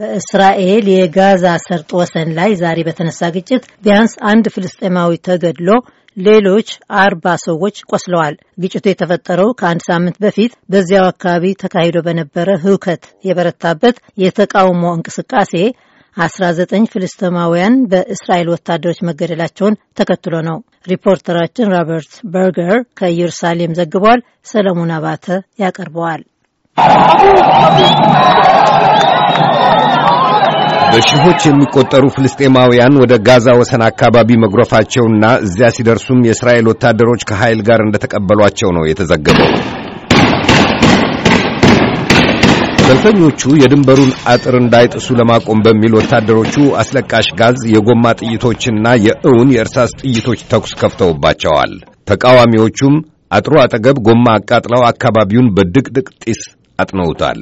በእስራኤል የጋዛ ሰርጥ ወሰን ላይ ዛሬ በተነሳ ግጭት ቢያንስ አንድ ፍልስጤማዊ ተገድሎ ሌሎች አርባ ሰዎች ቆስለዋል። ግጭቱ የተፈጠረው ከአንድ ሳምንት በፊት በዚያው አካባቢ ተካሂዶ በነበረ ህውከት የበረታበት የተቃውሞ እንቅስቃሴ 19 ፍልስጤማውያን በእስራኤል ወታደሮች መገደላቸውን ተከትሎ ነው። ሪፖርተራችን ሮበርት በርገር ከኢየሩሳሌም ዘግቧል። ሰለሞን አባተ ያቀርበዋል። በሺዎች የሚቆጠሩ ፍልስጤማውያን ወደ ጋዛ ወሰን አካባቢ መጉረፋቸውና እዚያ ሲደርሱም የእስራኤል ወታደሮች ከኃይል ጋር እንደተቀበሏቸው ነው የተዘገበው። ሰልፈኞቹ የድንበሩን አጥር እንዳይጥሱ ለማቆም በሚል ወታደሮቹ አስለቃሽ ጋዝ፣ የጎማ ጥይቶችና የእውን የእርሳስ ጥይቶች ተኩስ ከፍተውባቸዋል። ተቃዋሚዎቹም አጥሩ አጠገብ ጎማ አቃጥለው አካባቢውን በድቅድቅ ጢስ አጥነውታል።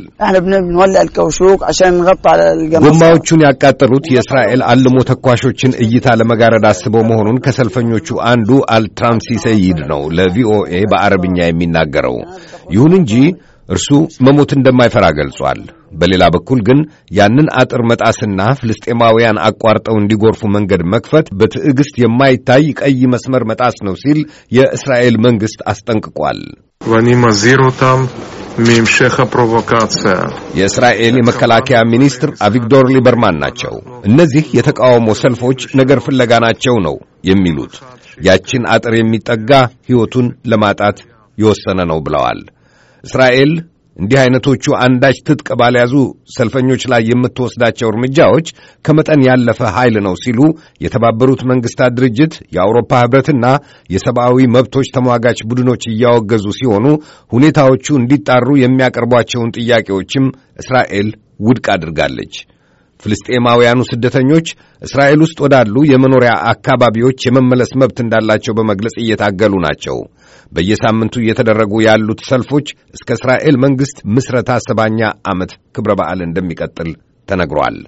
ጎማዎቹን ያቃጠሉት የእስራኤል አልሞ ተኳሾችን እይታ ለመጋረድ አስበው መሆኑን ከሰልፈኞቹ አንዱ አልትራምሲ ሰይድ ነው ለቪኦኤ በአረብኛ የሚናገረው። ይሁን እንጂ እርሱ መሞት እንደማይፈራ ገልጿል። በሌላ በኩል ግን ያንን አጥር መጣስና ፍልስጤማውያን አቋርጠው እንዲጎርፉ መንገድ መክፈት በትዕግሥት የማይታይ ቀይ መስመር መጣስ ነው ሲል የእስራኤል መንግሥት አስጠንቅቋል። የእስራኤል የመከላከያ ሚኒስትር አቪግዶር ሊበርማን ናቸው። እነዚህ የተቃውሞ ሰልፎች ነገር ፍለጋ ናቸው ነው የሚሉት። ያችን አጥር የሚጠጋ ሕይወቱን ለማጣት የወሰነ ነው ብለዋል። እስራኤል እንዲህ አይነቶቹ አንዳች ትጥቅ ባልያዙ ሰልፈኞች ላይ የምትወስዳቸው እርምጃዎች ከመጠን ያለፈ ኃይል ነው ሲሉ የተባበሩት መንግስታት ድርጅት የአውሮፓ ህብረትና የሰብአዊ መብቶች ተሟጋች ቡድኖች እያወገዙ ሲሆኑ ሁኔታዎቹ እንዲጣሩ የሚያቀርቧቸውን ጥያቄዎችም እስራኤል ውድቅ አድርጋለች። ፍልስጤማውያኑ ስደተኞች እስራኤል ውስጥ ወዳሉ የመኖሪያ አካባቢዎች የመመለስ መብት እንዳላቸው በመግለጽ እየታገሉ ናቸው። በየሳምንቱ እየተደረጉ ያሉት ሰልፎች እስከ እስራኤል መንግሥት ምስረታ ሰባኛ ዓመት ክብረ በዓል እንደሚቀጥል ተነግሯል።